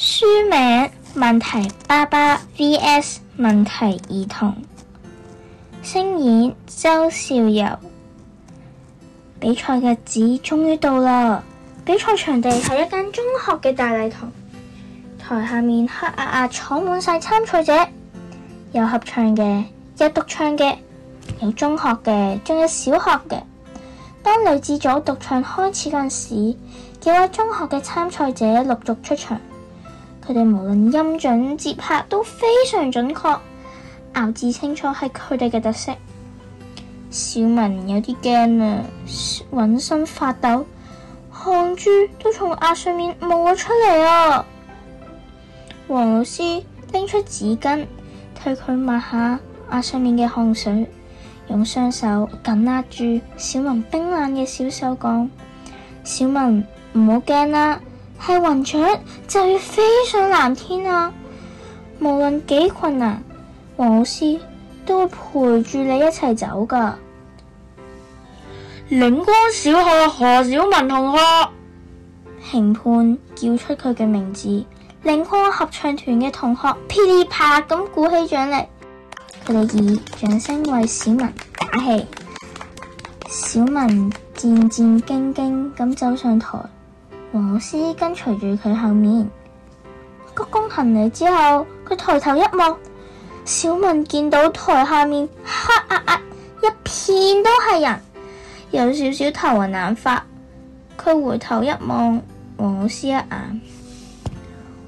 書名：問題爸爸 V.S. 問題兒童，聲演周筱悠。比賽日子終於到啦！比賽場地係一間中學嘅大禮堂，台下面黑壓壓坐滿晒參賽者，有合唱嘅，有獨唱嘅，有中學嘅，仲有小學嘅。當女子組獨唱開始嗰陣時，幾位中學嘅參賽者陸續出場。佢哋無論音準、節拍都非常準確，咬字清楚係佢哋嘅特色。小文有啲驚啊，渾身發抖，汗珠都從額上面冒咗出嚟啊！黃老師拎出紙巾替佢抹下額上面嘅汗水，用雙手緊握住小文冰冷嘅小手，講：小文唔好驚啦。是雲雀就要飛上藍天啊！無論幾困難，黃老師都會陪住你一齊走㗎。嶺光小學何小文同學，評判叫出佢嘅名字，嶺光合唱團嘅同學噼里啪啦咁鼓起掌嚟，佢哋以掌聲為小文打氣。小文戰戰兢兢咁走上台。黃老師跟隨住佢後面鞠躬行禮之後，佢抬頭一望，小文見到台下面黑壓壓一片都係人，有少少頭暈眼花。佢回頭一望黃老師一眼，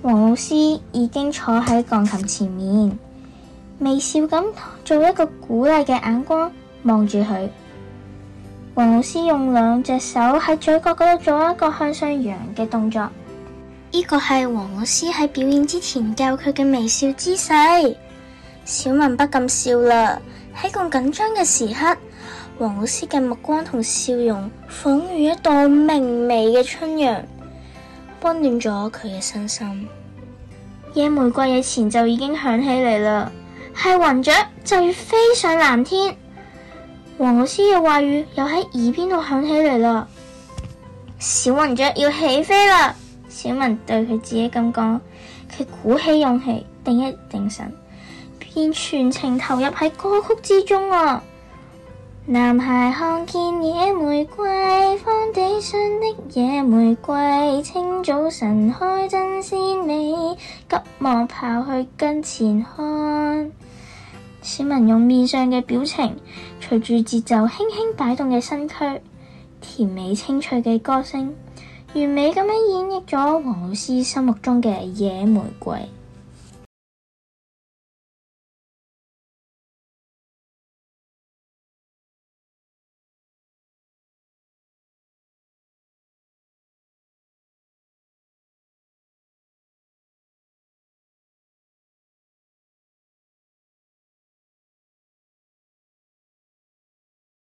黃老師已經坐喺鋼琴前面，微笑咁做一個鼓勵嘅眼光望住佢。黃老師用兩隻手喺嘴角嗰度做一個向上揚嘅動作，呢個係黃老師喺表演之前教佢嘅微笑姿勢。小文不禁笑啦，喺咁緊張嘅時刻，黃老師嘅目光同笑容，仿如一道明媚嘅春陽，溫暖咗佢嘅身心。野玫瑰嘅前奏已經響起嚟啦，係雲雀就要飛上藍天。黃老師嘅話語又喺耳邊度響起嚟啦，小雲雀要起飛啦！小文對佢自己咁講，佢鼓起勇氣，定一定神，便全情投入喺歌曲之中啊！男孩看見野玫瑰，荒地上的野玫瑰，清早晨開真鮮美，急忙跑去跟前看。市民用面上嘅表情，隨住節奏輕輕擺動嘅身軀，甜美清脆嘅歌聲，完美咁樣演繹咗黃老師心目中嘅野玫瑰。